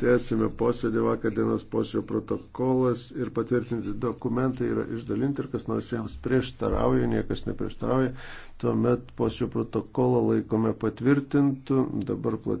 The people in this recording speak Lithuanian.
Tęsime posėdį vakar dienos posėdžio protokolas ir patvirtinti dokumentai yra išdalinti ir kas nors jiems prieštarauja, niekas neprieštarauja. Tuomet posėdžio protokolą laikome patvirtintų. Dabar plat...